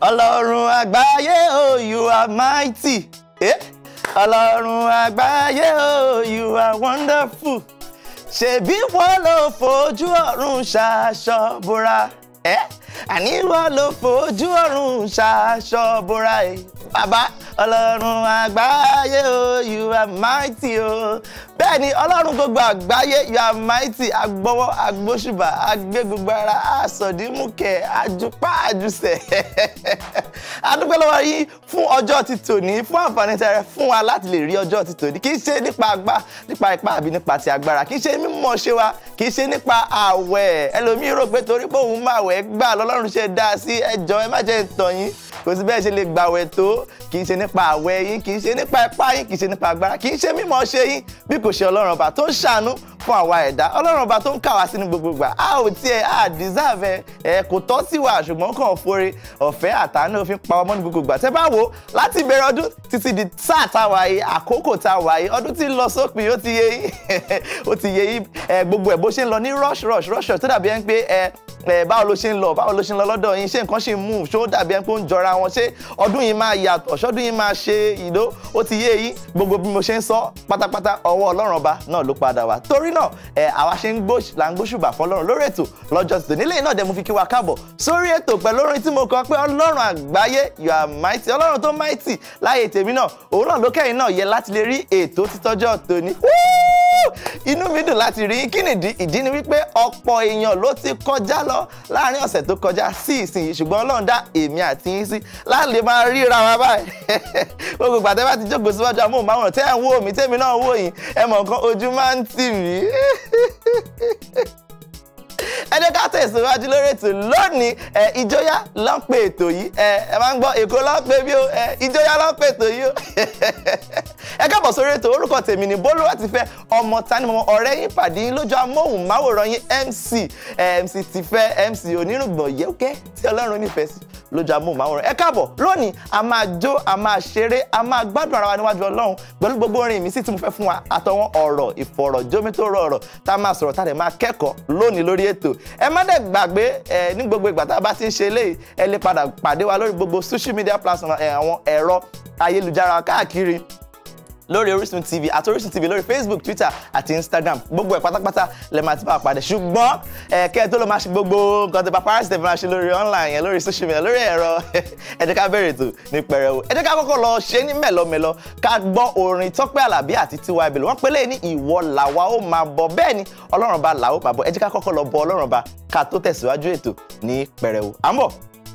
ọlọ́run àgbáyé o oh, you are mighty eh? ọlọ́run àgbáyé o oh, you are wonderful ṣebí wọ́n ló fojú ọ̀run ṣaṣọ bora. Eh? àníwọ̀ ló fojú ọ̀run ṣaṣọ bora ẹ̀ e. bàbá ọlọ́run àgbáyé o you are mighty o bẹ́ẹ̀ ni ọlọ́run gbogbo àgbáyé you are mighty agbọ́wọ́ agbóṣùbà agbé gbogbo ara àsọ̀dímùkẹ́ àjùpá àjùsẹ̀ adúpẹ́ lọ́wọ́ yín fún ọjọ́ ti tòní fún àǹfààní tẹrẹ fún wa láti lè rí ọjọ́ ti tòní kì í ṣe nípa agbá nípa ipá àbí nípa ti agbára kì í ṣe mímọ̀ ṣe wa kì í ṣe nípa àwẹ̀ ẹlòmíì rò pé torí pé òun máa wẹ̀ gbà lọ́ Ọlọ́run ṣe dá sí ẹjọ́ ẹ má jẹ́ ìtọ̀yìn kò sí bẹ́ẹ̀ ṣe lè gbàwẹ̀ tó kì í ṣe nípa àwẹ̀ yín kì í ṣe nípa ipá yín kì í ṣe nípa agbára kì í ṣe mímọ̀ ṣe yín bí kò ṣe Ọlọ́run ọba tó ń ṣàánú fún àwa ẹ̀dá Ọlọ́run ọba tó ń kà wá sínú gbogbogbà a ò tiẹ̀ a deserve ẹ̀ kò tọ́ sí wa ṣùgbọ́n kàn fore ọ̀fẹ́ àtàánú òfin pa ọmọ ní gbogbogbà tẹ́ bá wò láti ìbẹ̀rẹ̀ ọdún títí di sáà tá a wà yìí àkókò tá a wà yìí ọdún tí ń lọ sópin ó ti yé yín ó ti yé yín gbogbo ẹ̀ bó ṣe ń lọ ní rush rush rush tó dàbí ẹ̀ ń pé báwo ló ṣe ń lọ báwo ló ṣe ń lọ lọ́dọ̀ yín ṣé nǹkan ṣì ń move ṣó dàbí ẹni pé ó ń jọra wọn ṣé ọdún yìí máa yàtọ̀ ṣọ́dún yìí máa ṣe ìdó ó ti yé yín gbogbo bí mo ṣe ń sọ pátápátá ọwọ́ ọlọ́run ọba náà ló padà wá torí náà ẹ àwa ṣe ń gbó là ń gbóṣùbà fọlọ́run lórí ètò lọ́jọ́ tòní lẹ́yìn náà dẹ̀ mo fi kí wa káàbọ̀ sórí ètò pẹ̀lú orin tí mo kọ pé ọlọ́run àgbáyé you are mighty ọlọ́run tó mighty láyé tèmi náà òun náà lókẹ́yìn náà yẹ láti lè rí ètò títọ́jọ́ tòní. wúú inú mi dùn láti rí yín kí nìdí ìdí ni wípé ọ̀pọ̀ èèyàn ló ti kọjá lọ láàrin ọ̀sẹ̀ tó kọjá sí ìsinyìí ṣùgbọ́n Ọlọ́run dá èmi àti yín sí láàlè máa ríra wa báyìí gbogbo ìgbà tẹ́ bá ti jókòó síwájú amóhùnmáwòrán tẹ́ ẹ̀ ń wò mí tẹ́mi náà wò yín ẹ mọ̀ nǹkan ojú máa ń tì mí ẹ jẹ́ ká tẹ̀síwájú lórí ètò lónìí ẹ ìjọyà ló ètò yìí ẹ ẹ máa ń gbọ́ èkó ló bí ó ẹ ìjọyà ló ètò yìí ó káàbọ̀ sórí ètò orúkọ tèmi ni bólú àti fẹ́ ọmọ tani mọmọ ọ̀rẹ́ yín pàdé yín lójú amóhùnmáwòrán yín mc eh, mc Tifẹ́ mc onírùngbọ̀n yẹ́kẹ́ tí ọlọ́run nífẹ̀ẹ́ sí lójú amóhùnmáwòrán ẹ káàbọ̀ lónìí a máa jó a máa ṣeré a máa gbádùn ara wa níwájú ọlọ́run pẹ̀lú gbogbo orin ìmísí tí mo fẹ́ fún wa àtọwọn ọ̀rọ̀ ìfọ̀rọ̀jómítòrò ọ̀rọ̀ tá a máa sọ̀rọ̀ tá a lè máa kẹ́kọ̀ọ́ lónìí lórí ètò ẹ má dẹ̀ gbàgbé ẹ ní gbogbo ìgbà tá a bá ti ń ṣe eléyìí ẹ lè padà pàdé wa lórí gbogbo social media platform àwọn ẹ̀rọ ayélujára káàkiri lórí Orísun TV àti Orísun TV lórí Facebook Twitter àti Instagram gbogbo ẹ̀ pátápátá lè máa ti bá pàdé ṣùgbọ́n ẹ̀kẹ́ tó ló máa ṣe gbogbo nǹkan tó paparazzi tẹ̀ máa ṣe lórí online yẹn lórí social media lórí ẹ̀rọ ẹ jẹ́ ká bẹ̀rẹ̀ ètò ní pẹrẹwu ẹ jẹ́ ká kọ́kọ́ lọ ṣe ní mẹ́lọmẹ́lọ ká gbọ́ orin Tọ́pẹ́ Àlàbí àti Tiwa Bello wọ́n pélé ní ìwọ làwa ó máa bọ̀ bẹ́ẹ̀ ni Ọlọ́run bá làwa ó máa bọ̀ ẹ jẹ́ ká kọ́kọ́ lọ bọ Ọlọ́run bá ká tó tẹ̀síwájú ètò ní pẹrẹwu à ń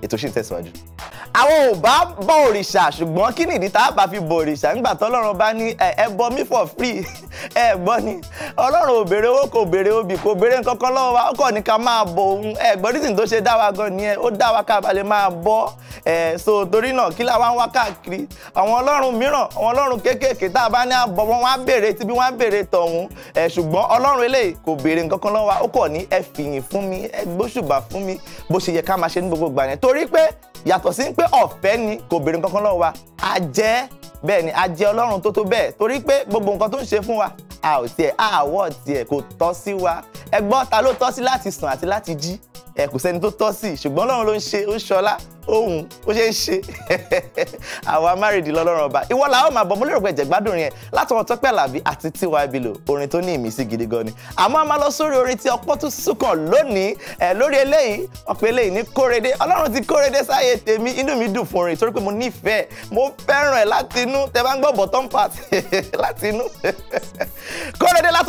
ètò ṣì ń àwọn ò bá bọ òrìṣà ṣùgbọ́n kí nìdí tá a bá fi bọ òrìṣà nígbà tọ́lọ́run bá ní ẹbọ mi for free ẹ gbọ́ ni ọlọ́run ò béèrè owó kò béèrè obì kò béèrè nǹkan kan lọ́wọ́ wa ó kàn ní ká máa bọ ohun ẹ gbọ́ reason tó ṣe dá wa gan nìyẹn ó dá wa ká bọ ẹ so torí náà kí la wá káàkiri àwọn ọlọ́run mìíràn àwọn ọlọ́run kéékèèké tá a bá ní wọn wá tọ̀hún ẹ ṣùgbọ́n ọlọ́run eléyìí kò wa ó ní yàtọ̀ sí pé ọ̀fẹ́ ni kò béèrè kankan lọ́wọ́ wa a jẹ́ bẹ́ẹ̀ ni a jẹ́ ọlọ́run tó tó bẹ́ẹ̀ torí pé gbogbo nǹkan tó ń ṣe fún wa a ò tiẹ̀ àwọ̀ tiẹ̀ kò tọ́ sí wa ẹ ta ló tọ́ sí láti sùn àti láti jí ẹ kò sẹ́ni tó tọ́ sí ṣùgbọ́n ọlọ́run ló ń ṣe ó ṣọlá ohun ó ṣe ń ṣe àwa márìndín lọ́lọ́run ọba ìwọ làwọn máa bọ̀ mo lérò pé ẹ̀jẹ̀ gbádùn yẹn látọwọ́ Tọ́pẹ́ Àlàbí àti Tiwa Bello orin tó ní ìmísí gidi gan ni àmọ́ a máa lọ sórí orin tí ọpọ́ tún súnkàn lónìí ẹ̀ lórí eléyìí ọ̀pẹ eléyìí ní kórede ọlọ́run ti kórede sáyé tèmi inú mi dùn fún orin torí pé mo nífẹ̀ẹ́ mo fẹ́ràn ẹ̀ láti inú tẹ bá ń gbọ́ bọ̀tọ́m part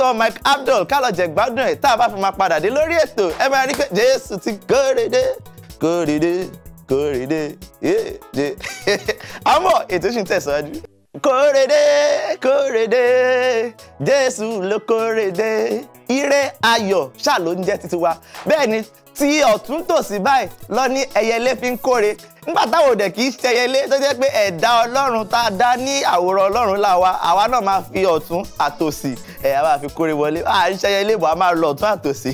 Mike Abdul ká lọ jẹ̀ gbádùn ẹ̀ tá a bá fi máa padà dé lórí ètò ẹ kórèdé yéèdè eh, àmọ́ ètò ṣì ń tẹ̀síwájú. kórèdé kórèdé jésù ló kórèdé ire ayọ̀ ṣáà ló ń jẹ́ títí wa bẹ́ẹ̀ ni tí ọ̀tún tòsí báyìí lọ ní ẹyẹlé fi ń kórè nígbà táwọn òdẹ̀ kì í ṣẹyẹlé tó jẹ́ pé ẹ̀dá ọlọ́run tá a dá ní àwòrán ọlọ́run làwa àwa náà máa fi ọ̀tún àtòsí ẹ a máa fi kórè wọlé Ah, ń ṣẹyẹ ilé ìbò a máa lọ ọ̀tún àtòsí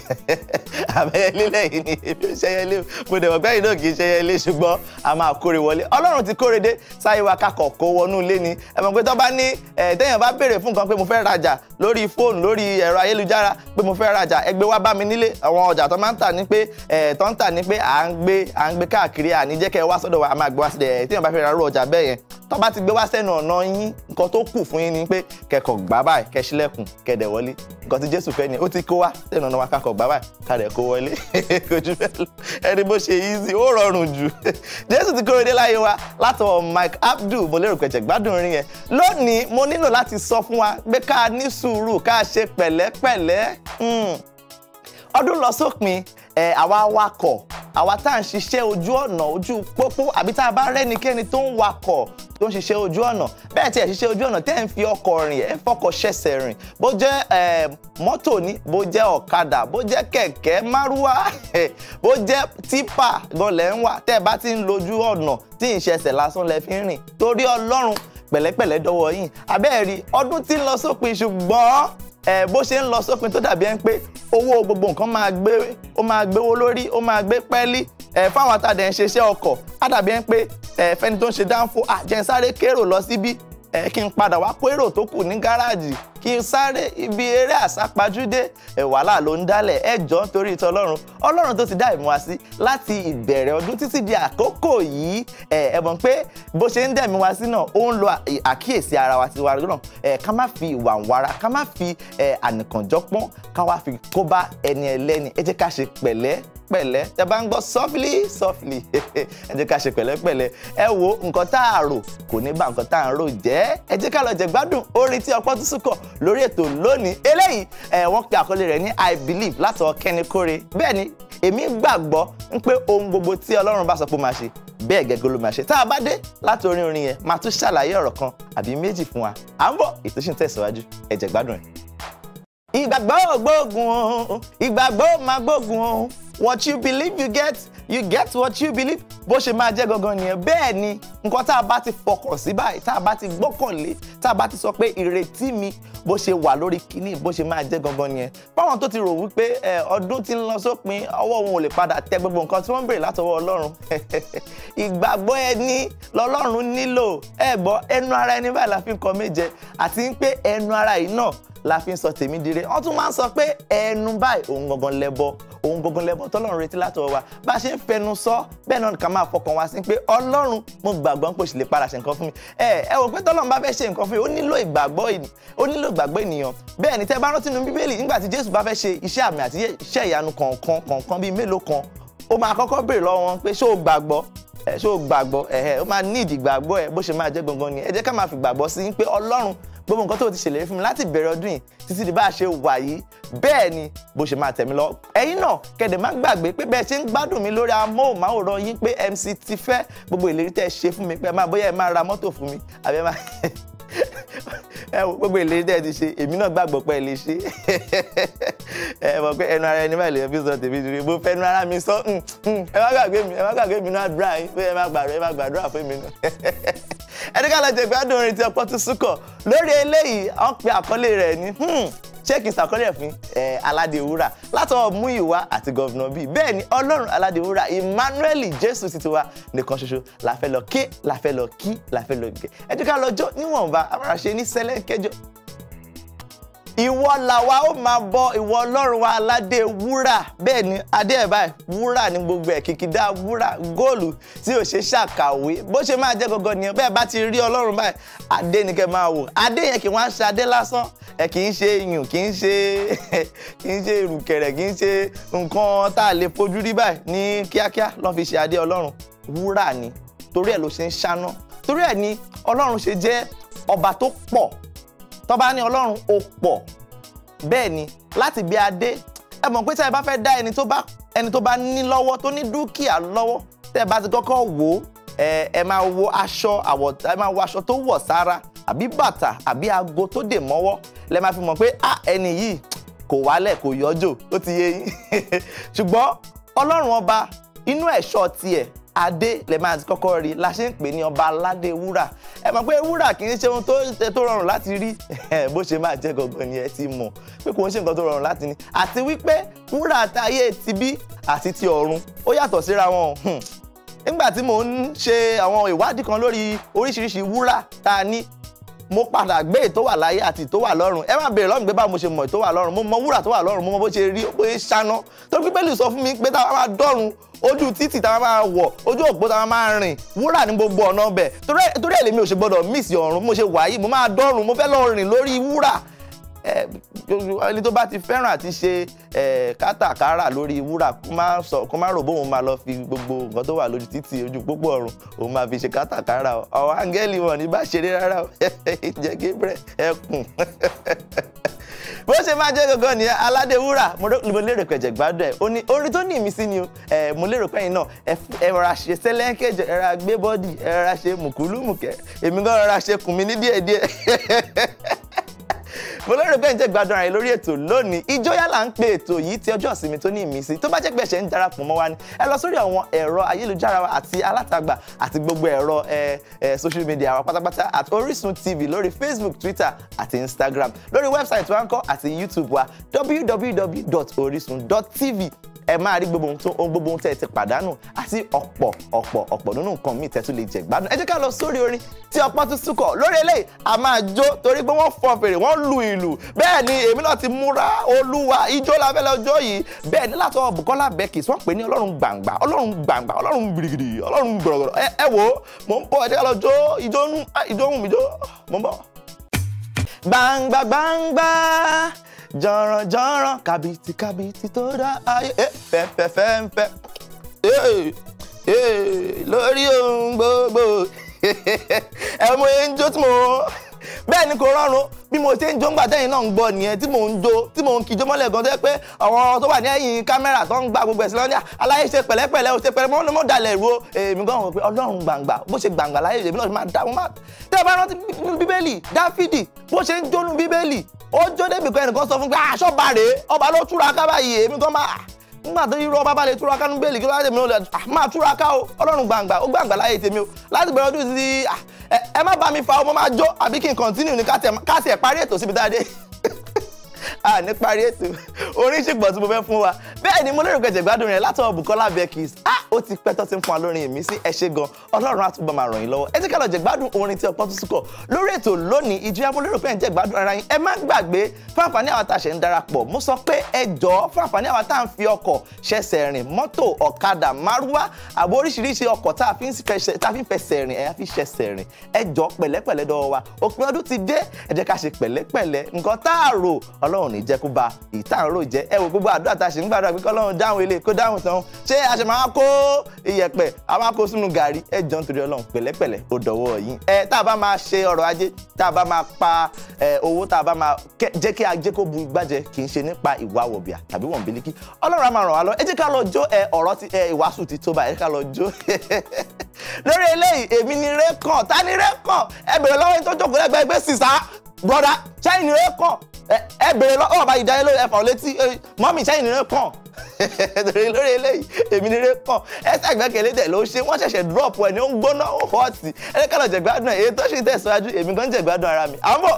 àbẹ̀yẹ lílẹ̀ yìí ni èmi ò ṣẹyẹ ilé mo dẹ̀ mọ̀ pé ẹ̀yin náà kì í ṣẹyẹ ilé ṣùgbọ́n a máa kórè wọlé ọlọ́run ti kórè dé sáyé wa kakọ̀ kó wọnú ilé ni ẹ mọ̀ pé tó bá ní ẹ téèyàn bá béèrè fún nǹkan pé mo fẹ́ rajà lórí fóònù lórí ẹ̀rọ ayélujára pé mo fẹ́ rajà ẹ gbé wá bá mi nílé àwọn ọjà tó máa ń tà ní pé tó ń tà ní pé à ń gbé à ń gbé káàkiri à jẹ́ kẹ́ wá sọ́dọ̀ wa a máa gbé wá sílẹ̀ téèyàn bá fẹ́ ra irú ọjà bẹ́ẹ̀ yẹn tó bá ti gbé wá sẹ́nu ọ̀nà yín nǹkan tó kù fún yín ni pé kẹ́kọ̀ọ́ gbá báyìí kẹ́ ṣílẹ̀kùn kẹ̀dẹ̀ wọlé nǹkan tí jésù fẹ́ ni ó ti kó wá tẹ̀nà ọ̀nà wa kakọ̀ gbà kalẹ̀ kó wọlé kojú fẹ́ lọ ẹni bó ṣe easy ó rọrùn jù jésù ti kórè dé láyé wa látọwọ́ mike abdul mo lérò pẹ̀tẹ̀ gbádùn orin yẹn lónìí mo nílò láti sọ fún wa pé ká ní sùúrù ká ṣe pẹ̀lẹ́pẹ̀lẹ́ hmm. ọdún lọ sópin àwa awakọ̀ àwa tá à ń ṣiṣẹ́ ojú ọ̀nà ojú pópó àbí tá a bá rẹ́nikẹ́ni tó ń wakọ̀ tó ń ṣiṣẹ́ ojú ọ̀nà bẹ́ẹ̀ tí ẹ̀ ṣiṣẹ́ ojú ọ̀nà tẹ́ ẹ̀ ń fi ọkọ̀ rìn ẹ̀ ń fọkọ̀ ṣẹ̀ṣẹ̀ rìn bó jẹ́ mọ́tò ni bó jẹ́ ọ̀kadà bó jẹ́ kẹ̀kẹ́ márúwá bó jẹ́ típà gan ń wà tẹ́ ẹ bá ti ń lojú ọ̀nà tí ì ṣẹ̀ṣẹ̀ lásán lẹ fi ń rìn torí Ọlọ́run pẹ̀lẹ́pẹ̀lẹ́ dọ́wọ́ yín abẹ́ẹ̀rí ọdún tí ń lọ sópin ṣùgbọ́n bó ṣe ń lọ sópin tó dàbí ẹ ń pé owó gbogbo nǹkan máa gbé ó máa gbéwó lórí ó máa gbé pẹ́ẹ́lí fáwọn atàdé ń ṣe iṣẹ́ ọkọ̀ á dàbí ẹ ń pé fẹ́ni tó ń ṣe dáńfó àjẹsáré kérò lọ síbí ẹ kí n padà wá kó èrò tó kù ní gáràjì kí n sáré ibi eré àsápajúdé ẹ wàhálà ló ń dálẹ̀ ẹ jọ nítorí ìtọ́ ọlọ́run ọlọ́run tó ti dá ìmú wa sí láti ìbẹ̀rẹ̀ ọdún títí di àkókò yìí ẹ ẹ mọ̀ pé bó ṣe ń dẹ̀mí wa sí náà ó ń lo àkíyèsí ara wa tiwa náà ẹ ká má fi ìwà ń wara ká má fi ànìkànjọ́pọ́n ká wá fi kó bá ẹni ẹlẹ́ni ẹ jẹ́ ká ṣe pẹ̀lẹ́ pẹ̀lẹ́ tẹ bá ń gbọ́ softly softly ẹ jẹ́ ká ṣe pẹ̀lẹ́pẹ̀lẹ́ ẹ wo nǹkan tá a rò kò ní bá nǹkan tá a ń rò jẹ́ ẹ jẹ́ ká lọ jẹ gbádùn orin tí ọpọ́ tún sùkọ̀ lórí ètò lónìí eléyìí ẹ wọ́n pe àkọlé rẹ̀ ní i believe látọ̀ Kenny Kore bẹ́ẹ̀ ni èmi gbàgbọ́ ń pé ohun gbogbo tí Ọlọ́run bá sọ pé máa ṣe bẹ́ẹ̀ gẹ́gẹ́ ló máa ṣe tá a bá dé láti orin orin yẹn máa tún ṣàlàyé ọ̀rọ̀ kan àbí méjì fún wa à ń bọ̀ ètò ṣì ń tẹ̀síwájú ẹ jẹ́ gbádùn ẹ̀. ìgbàgbọ́ ògbógun o ìgbàgbọ́ máa gbógun o what you believe you get, you get what you believe bó ṣe máa jẹ́ gangan nìyẹn bẹ́ẹ̀ ni nǹkan tá a bá ti fọkàn sí báyìí tá a bá ti gbọ́kànlé tá a bá ti sọ pé ìrètí mi bó ṣe wà lórí kínní bó ṣe máa jẹ́ gangan nìyẹn báwọn tó ti rò wípé ọdún ti ń lọ sópin ọwọ́ wọn ò lè padà tẹ gbogbo nǹkan tí wọ́n ń béèrè látọwọ́ ọlọ́run ìgbàgbọ́ ẹni lọ́lọ́run nílò ẹ̀bọ ẹnu ara ẹni báyìí la fi ń kọ méje àti pé ẹnu ara yìí náà la fi ń sọ tèmi dire wọn tún máa ń sọ pé ẹnu báyìí òun gangan lẹbọ òun gangan lẹbọ tọ́lọ́run retí látọwọ́ wa bá a ṣe ń fẹnu sọ bẹ́ẹ̀ náà kà máa fọkàn wá sí pé ọlọ́run mo gbàgbọ́ pé o padà ṣe nǹkan fún mi ẹ ẹ wò pé tọ́lọ́run bá fẹ́ ṣe nǹkan fún mi ó nílò ìgbàgbọ́ ó nílò ìgbàgbọ́ ènìyàn bẹ́ẹ̀ ni tẹ́ bá rántí nínú bíbélì nígbà tí jésù bá fẹ́ ṣe iṣẹ́ àmì àti iṣẹ́ ìyanu kọ̀ọ̀kan kọ̀ọ̀kan bíi mélòó kan ó máa kọ́kọ́ béèrè lọ́wọ́ wọn pé ṣé o gbàgbọ́ ṣó gbàgbọ́ ẹ̀hẹ́ ó máa ní ìdìgbàgbọ́ ẹ bó ṣe máa jẹ́ gbọ̀ngàn ni ẹ jẹ́ ká máa fi gbàgbọ́ sí pé ọlọ́run gbogbo nǹkan tó ti ṣèlérí fún mi láti bẹ̀rẹ̀ ọdún yìí títí di bá a ṣe wà yìí bẹ́ẹ̀ ni bó ṣe máa tẹ̀mí lọ. ẹ̀yin náà kẹ̀dẹ̀ má gbàgbé pé bẹ́ẹ̀ ṣe ń gbádùn mi lórí amóhùnmáwòrán yín pé MC Tifẹ́ gbogbo ìlérí tẹ́ ṣe fún mi pé máa bóyá ẹ máa ra mọ́tò fún mi àbí ẹ máa ẹ wo gbogbo ìlérí tẹ́ ẹ ti ṣe èmi náà gbàgbọ́ pé ẹ lè ṣe ẹ mọ̀ pé ẹnu ara ẹni báyìí lèyàn fi sọ tèmi jùlọ mo fẹnu ara mi sọ mm, mm, ẹ má gbàgbé mi ẹ má gbàgbé mi náà dúrà yín pé ẹ má gbàdúrà ẹ má gbàdúrà fún mi náà ẹni ká lọ jẹ gbádùn orin ti ọpọ tún súkọ lórí eléyìí wọn pe àkọlé rẹ̀ ní hmm, Check ṣéèkì sàkọ́lẹ̀ fún aládéwúrà látọwọ́ múyìwá àti gọ́vnà bíi bẹ́ẹ̀ ni ọlọ́run aládéwúrà emmanuel jésù ti tiwa nìkan ṣoṣo la fẹ́ lọ ké la fẹ́ lọ kí la fẹ́ lọ gẹ̀ ẹ jẹ́ ká lọ jó níwọ̀nba amáràṣe ní sẹ́lẹ̀ kẹjọ ìwọ làwa ó máa bọ ìwọ ọlọ́run wa aládé wúrà bẹ́ẹ̀ ni adé ẹ̀ báyìí wúrà ní gbogbo ẹ̀ kìkìdá wúrà góòlù tí ò ṣe ṣàkàwé bó ṣe máa jẹ́ gọ́gọ́ nìyẹn bẹ́ẹ̀ bá ti rí ọlọ́run báyìí adé ni kẹ́ máa wò adé yẹn kì wọ́n á ṣe adé lásán ẹ kì í ṣe iyùn kì í ṣe kì í ṣe ìrùkẹ̀rẹ̀ kì í ṣe nǹkan tá a lè fojú rí báyìí ní kíákíá lọ́n fi ṣe adé ọlọ́run wúrà ni torí ẹ̀ ló ṣe ń ṣáná torí ẹ̀ ni ọlọ́run ṣe jẹ́ ọba tó pọ̀ tó bá ní ọlọ́run ó pọ̀ bẹ́ẹ̀ ni láti gbé adé ẹ mọ̀ pé tí ẹ bá fẹ́ dá ẹni tó bá ẹni tó bá ní lọ́wọ́ tó ní dúkìá lọ́wọ́ tẹ́ ẹ bá ti kọ́kọ́ wò ó ẹ máa wo aṣọ àwọ̀ ẹ máa wo aṣọ tó wọ̀ sára àbí bàtà àbí aago tó dè mọ́wọ́ lẹ máa fi mọ̀ pé ah ẹni yìí kò wálẹ̀ kò yọjò ó ti yé yín ṣùgbọ́n ọlọ́run ọba inú ẹ̀ṣọ́ tiẹ̀ adé lè máa ti kọ́kọ́ rí la ṣe ń pè ní ọba aládé wúrà ẹ mọ̀ pé wúrà kì í ṣe ohun tó rọrùn láti rí bó ṣe máa jẹ́ gangan ni ẹ ti mọ̀ pé kò ń ṣe nǹkan tó rọrùn láti ní àti wípé wúrà àtayé ti bí àti ti ọ̀run ó yàtọ̀ síra wọn hmm. nígbà tí mò ń ṣe àwọn ìwádìí kan lórí oríṣiríṣi wúrà tá ní mo padà gbé èyí wà láyé àti èyí wà lọ́run ẹ má béèrè lọ́run pé báwo mo ṣe mọ̀ èyí wà lọ́run mo mọ wúrà tó wà lọ́run mo mọ bó ṣe rí bó ṣe ṣáná tó Bíbélì sọ fún mi pé táwa máa dọ́run ojú títì táwa máa wọ̀ ojú òpó táwa máa rìn wúrà ní gbogbo ọ̀nà ọbẹ̀ torí ẹ̀ lèmi ò ṣe gbọ́dọ̀ miss ọ̀run mo ṣe wàyí mo máa dọ́run mo fẹ́ lọ rìn lórí wúrà ẹni tó bá ti fẹ́ràn àti ṣe kátàkárà lórí wúrà kó má rò bóun máa lọ fi gbogbo nǹkan tó wà lójú títì ojú pópó ọ̀run òun máa fi ṣe kátàkárà o àwọn áńgẹ́lì wọn ní bá ṣeré rárá o jẹ́ Gabriel ẹkùn bó ṣe máa jẹ́ gangan nìyẹn aládéwúrà mo lérò pé ẹ̀jẹ̀ gbádùn ẹ̀ ó ní orin tó ní ìmísí ni o mo lérò pé ẹ̀yin náà ẹ rọra ṣe sẹ́lẹ́ńkẹ́ ẹ rọra gbé bọ́dì ẹ rọra ṣe mùkúlùmùkẹ́ mo lérò pé ǹjẹ́ gbádùn ara rẹ lórí ètò lónìí ìjọyà là ń pe ètò yìí ti ọjọ́ ìsinmi tó ní ìmísí tó bá jẹ́ pé ẹ̀ṣẹ̀ ń darapọ̀ mọ́ wa ni ẹ lọ sórí àwọn ẹ̀rọ ayélujára wa àti alátagbà àti gbogbo ẹ̀rọ social media wa pátápátá àti Orísun TV lórí Facebook Twitter àti Instagram lórí website wa ń kọ́ àti YouTube wa www.orisun.tv ẹ máa rí gbogbo ohun tó ohun gbogbo ohun tẹ́ ẹ ti pàdánù àti ọ̀pọ̀ ọ̀pọ̀ ọ̀pọ̀ nínú nǹkan míì tẹ́ tún lè jẹ gbádùn ẹ jẹ́ ká lọ sórí orin tí ọpọ́n tún súnkọ̀ lórí eléyìí a máa jó torí pé wọ́n fọn fèrè wọ́n lu ìlù bẹ́ẹ̀ ni èmi náà ti múra olúwa ijó la fẹ́ lọ́jọ́ yìí bẹ́ẹ̀ ni látọ̀ Bukola Beckys wọ́n pè ní ọlọ́run gbàngbà ọlọ́run gbàngbà ọlọ́run gbìrìgìrì ọlọ́run gbọ̀rọ̀gbọ̀rọ̀ ẹ wo mò ń bọ̀ ẹ jẹ́ ká lọ jó ijó ìjó ń ah, mò ń bọ̀. gbàngbà gbàngbà jọ̀ràn jọ̀ràn kàbìtì kàbìtì tó dá ayé fẹ́fẹ́fẹ́fẹ́ eh, eh, eh, lórí ohun gbogbo ẹ mú ẹ ń jó tí mo bẹ́ẹ̀ ni kò rọrùn bí mo ṣe ń jó ń gbà tẹ́yìn náà ń gbọ́ nìyẹn tí mò ń jó tí mò ń kíjó mọ́lẹ̀ gan tó yẹ pé àwọn tó wà ní ẹ̀yìn kámẹ́rà tó ń gba gbogbo ẹ̀sìn lọ́nà aláyé ṣe pẹ̀lẹ́pẹ̀lẹ́ o ṣe pẹ̀lẹ́ mọ́ mọ́ dalẹ̀ ru o èmi gan wọ̀ pé ọlọ́run gbàngbà bó ṣe gbàngbà láyé èmi náà máa dá máa tẹ́ ẹ bá rántí bíbélì dáfídì bó ṣe ń jónú bíbélì ó jó débìkan ẹnìkan sọ fún pé àṣọ ah, bàrè ọba ló túra ká báyìí èmi gan máa nígbà tó irú ọba balẹ̀ túraká ní bẹ́ẹ̀lì kí ló láti mìíràn ah, máa túraká o ọlọ́run gbàǹgbà ó gbàǹgbà láyé tèmi o láti bẹ̀rẹ̀ ọdún sí ah, ẹ má bá mi fa ọmọ máa jó àbí kí n kọ́ntínú ní káàsì ẹ̀ parí ètò síbi dáadé a ní parí ètò orin ṣègbọ̀n tí mo fẹ́ fún wa bẹ́ẹ̀ ni mo lérò kẹ̀jẹ̀ gbádùn rẹ̀ látọ̀ Bukola Beckys ah, ó ti pẹ́ tó ti ń fún wa lórin ìmísí ẹ ṣé gan ọlọ́run á túbọ̀ máa ràn yín lọ́wọ́ ẹ jẹ́ ká lọ jẹ gbádùn orin tí ọpọ́n tún sùkọ̀ lórí ètò lónìí ìjọyà mo lérò pé ẹ̀ ń jẹ gbádùn ara yín ẹ má gbàgbé fáfàní àwọn tá a ṣe ń darapọ̀ mo sọ pé ẹ jọ̀ọ́ fáfàní àwọn tá ń fi ọkọ̀ ṣẹ̀ṣẹ̀ rìn mọ́tò ọ̀kadà márúwá àbò oríṣiríṣi ọkọ̀ tá a fi ń fẹsẹ̀ rìn ẹ̀ á fi ṣẹ̀ṣẹ̀ rìn ẹ jọ̀ọ́ pẹ̀lẹ́pẹ̀lẹ́ dọ́wọ́ wa òpin ọdún ti dé ẹ jẹ́ ká ṣe pẹ̀lẹ́pẹ̀lẹ́ nǹkan tá a rò ọlọ́run ní jẹ́ kó ba ìtàn rò jẹ́ ẹ wo gbogbo àdúrà tá a ṣe ń gbàdúrà pé kọ́lọ́run dáhùn ilé kó dáhùn tán ṣé a ṣe máa kó iyẹ̀pẹ̀ a máa kó sínú gàrí ẹ jọ nítorí ọlọ́run pẹ̀lẹ́pẹ̀lẹ́ ó dọ̀wọ́ yín. ẹ tá a bá máa ṣe ọrọ̀ ajé tá a bá máa pa owó tá a bá máa jẹ́ kí ajé kó bu igbájẹ kì í ṣe nípa ìwà wọ̀bìà tàbí wọ̀nbílíkì ọlọ́run á máa ràn wá lọ ẹ jẹ́ ká lọ jó ọ̀rọ̀ ìwàásù ti tó báyìí ká lọ jó lórí eléyìí èmi ni rẹ́kàn ta ni ẹ bèrè lọ́wọ́ ẹ bèrè lọ ọba ìdáyé lórí létí mọ́mí sẹ́yìn nínú kàn lórí lórí eléyìí èmi nínú kàn ẹsẹ̀ àgbẹ̀kẹ̀lé dẹ̀ ló ṣe wọ́n ṣẹ̀ṣẹ̀ drop ẹ̀ ni ó ń gbóná ó họ́ọ̀tì ẹlẹ́kàlọ̀ jẹ̀gbádùn ẹ̀ èyí tó ṣe tẹ̀síwájú èmi gan jẹ̀gbádùn ara mi àmọ́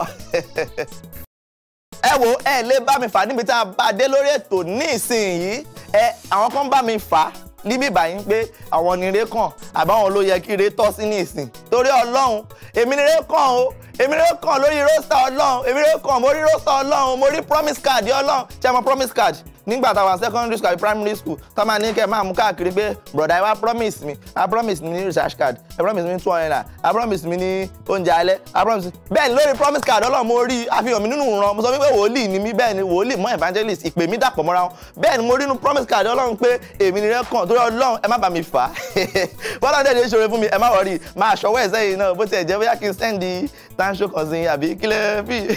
ẹ wo ẹ lè bá mi fà níbi tá a bá dé lórí ètò ní ìsinyìí ẹ àwọn kan bá mi fà á níbí báyìí pé àwọn nire kàn àbáwọn ló yẹ kí ire tọ́ sí ní ìsìn torí ọlọ́run èmi nire kàn o èmi nire kàn lórí rọ́sà ọlọ́run èmi nire kàn mo rí rọ́sà ọlọ́run mo rí promise card ọlọ́run ṣé mo promise card nígbà táwa secondary school àbí primary school tó máa ní kẹ́ máa mú káàkiri pé broda ẹ wá promise mi I promise mi ní research card a promise mi ní two hundred naira a promise mi ní oúnjẹ alẹ́ I promise bẹ́ẹ̀ ni lórí promise card ọlọ́run mo rí àfihàn mi nínú ìran mo sọ wípé wòlíì ni mí bẹ́ẹ̀ wòlíì mọ́ evangelist ìpè mi dàpọ̀ mọ́ra wọn bẹ́ẹ̀ ni mo rí inú promise card ọlọ́run pé èmi nìyẹn kàn torí ọlọ́run ẹ má bà mí fà á bọ́lá dẹ̀ lè ṣòro fún mi ẹ má wọrí máa ṣọwọ́ ẹ̀ sẹ́yìn náà bó tiẹ̀ jẹ́ bóyá kí n sẹ́ndì tanṣó kan sí àbí kílẹ̀ fíì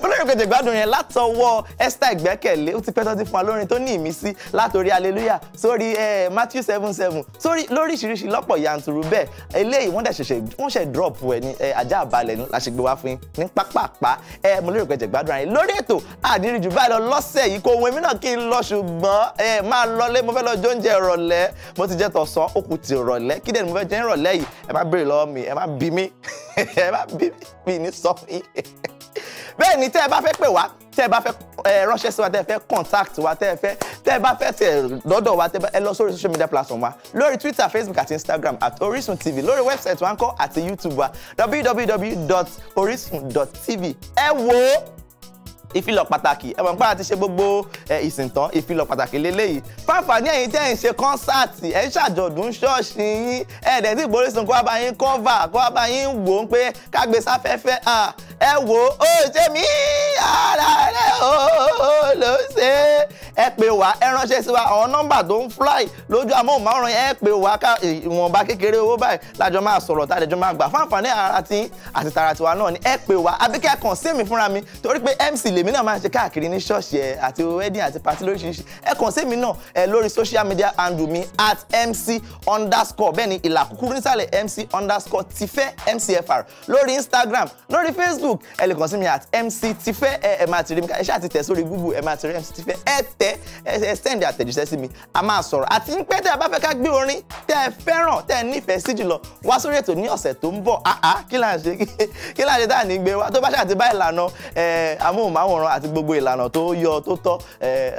mo lérò pé tẹ̀gbádùn yẹn látọwọ́ Esther Ìgbẹ́kẹ̀lé ó ti pẹ́ tó ti fún wa lórin tó ní ìmísí látòrí hallelujah sórí Matthew seven seven sórí lóríṣiríṣi lọ́pọ̀ yanturu bẹ́ẹ̀ eléyìí wọ́n dẹ̀ ṣẹ̀ṣẹ̀ wọ́n ṣẹ̀ drop ẹ̀ ní ajá àbálẹ̀ la ṣe gbé wá fún yín ní pápápá ẹ mo lérò pé tẹ̀gbádùn yẹn lórí ètò àdírí jù báyìí lọ lọ́sẹ̀ yìí kò wọn èmi náà kí n lọ mo fẹ́ lọ jóúnjẹ mo ti jẹ tọ̀sán ó kù mo fẹ́ jẹ ìrọ̀lẹ́ yìí ẹ má béèrè lọ́wọ́ mi ẹ má bí mi ẹ má bí mi bẹ́ẹ̀ ni tẹ́ ẹ bá fẹ́ pè wá tẹ́ ẹ bá fẹ́ ránṣẹ́ sí wa tẹ́ ẹ fẹ́ contact wa tẹ́ ẹ fẹ́ tẹ́ ẹ bá fẹ́ tẹ̀ lọ́dọ̀ wa tẹ́ ẹ lọ sórí social media platform wa lórí twitter facebook àti instagram at orisun tv lórí website wa ń kọ́ àti youtube wa www.orisun.tv ẹ wò ó ìfilọ̀ pàtàkì ẹ̀wọ̀n pàrọ̀ ti ṣe gbogbo ìsìn tán ìfilọ̀ pàtàkì lélẹ́yìí fáfàní ẹ̀yin tẹ́ ẹ̀ ń ṣe kọ́nsáàtì ẹ̀ ń ṣàjọ̀dún ṣọ́ọ̀ṣì yín ẹ̀ẹ́dẹ̀ tí ìgbórísun kó wá bá yín kọ́fà kó wá bá yín wò ó pé kágbé sáfẹ́fẹ́ ẹ wò ó ṣe mí ara rẹ̀ ó ló ṣe ẹ pè wá ẹ ránṣẹ́ sí wa àwọn nọ́mbà tó ń fly lójú amóhùnmáwòrán ẹ pè wá ká ìwọ̀nba kékeré owó báyìí lájọ máa sọ̀rọ̀ tá àdẹjọ́ máa gbà fún àǹfààní ara tí àti tara tiwa náà ni ẹ pè wá abíkẹ́ kàn sí mi fúnra mi torí pé MC lèmi náà máa ń ṣe káàkiri ní ṣọ́ọ̀ṣì ẹ àti wedding àti party lóríṣiríṣi ẹ kàn sí mi náà ẹ lórí social media handle mi at MC underscore bẹ́ẹ̀ ni ìlà kúkúrú nísàlẹ̀ MC underscore Tifẹ́ MCFR lórí Instagram lórí Facebook ẹ lè kàn sí mi at MC Tifẹ́ ẹ ẹ máa ti rí mi ká ẹ ṣáà ti tẹ̀ sórí Google ẹ máa ti MC Tifẹ́ ẹ tẹ̀ Extend ẹ attention, àtẹ̀jíṣẹ́ sí mi a máa sọ̀rọ̀ àti pé tẹ́ ẹ bá fẹ́ ká gbé orin tẹ́ ẹ fẹ́ràn tẹ́ ẹ nífẹ̀ẹ́ sí jùlọ wá sórí ètò ní ọ̀sẹ̀ tó ń bọ̀ àá kí là ń ṣe kí là ń ṣe tá à ní gbé wa tó bá ṣàti bá ìlànà amóhùnmáwòrán àti gbogbo ìlànà tó yọ tó tọ́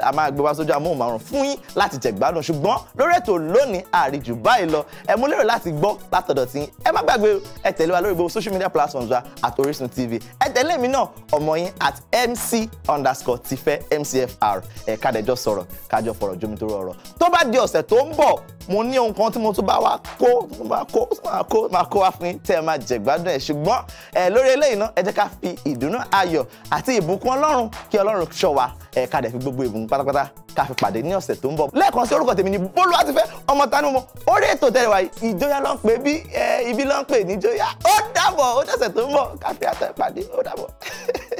a máa gbé wa sójú amóhùnmáwòrán fún yín láti jẹ̀gbádùn ṣùgbọ́n lórí ètò lónìí àríjù báyìí lọ ẹ mú lérò láti gbọ́ látọ̀dọ̀ tí ẹ má gbàgbé ẹ tẹ̀lé wa lórí gbogbo social media platforms wa àti Orísun TV ẹ tẹ̀lé mi náà ọmọ yín at mc underscore tifẹ́ mcfr ẹ̀ka kàdéjọ sọ̀rọ̀ kájọ fọ̀rọ̀ jomitoro ọ̀rọ̀ tó bá di ọ̀sẹ̀ tó ń bọ̀ mo ní ohun kan tí mo tún bá wá kó máa kó máa kó máa kó wá fún yín tẹ́ ẹ máa jẹ gbádùn ẹ̀ ṣùgbọ́n ẹ lórí eléyìí náà ẹ jẹ́ ká fi ìdùnnú ayọ̀ àti ìbùkún ọlọ́run kí ọlọ́run ṣọ́ wa ẹ ká dẹ̀ fi gbogbo ìbùkún pátápátá ká fi pàdé ní ọ̀sẹ̀ tó ń bọ̀ lẹ́ẹ̀kan sí orúkọ tèmi ni Bólúwatifẹ́ ọmọ tani mo mọ orí ètò tẹ́lẹ̀ wa ìjọyà ló ń pè bí ibi ló ń pè níjọyà ó dàbọ̀ ó dọ̀sẹ̀ tó ń bọ̀ ká fi àtẹ̀ pàdé ó dàbọ̀.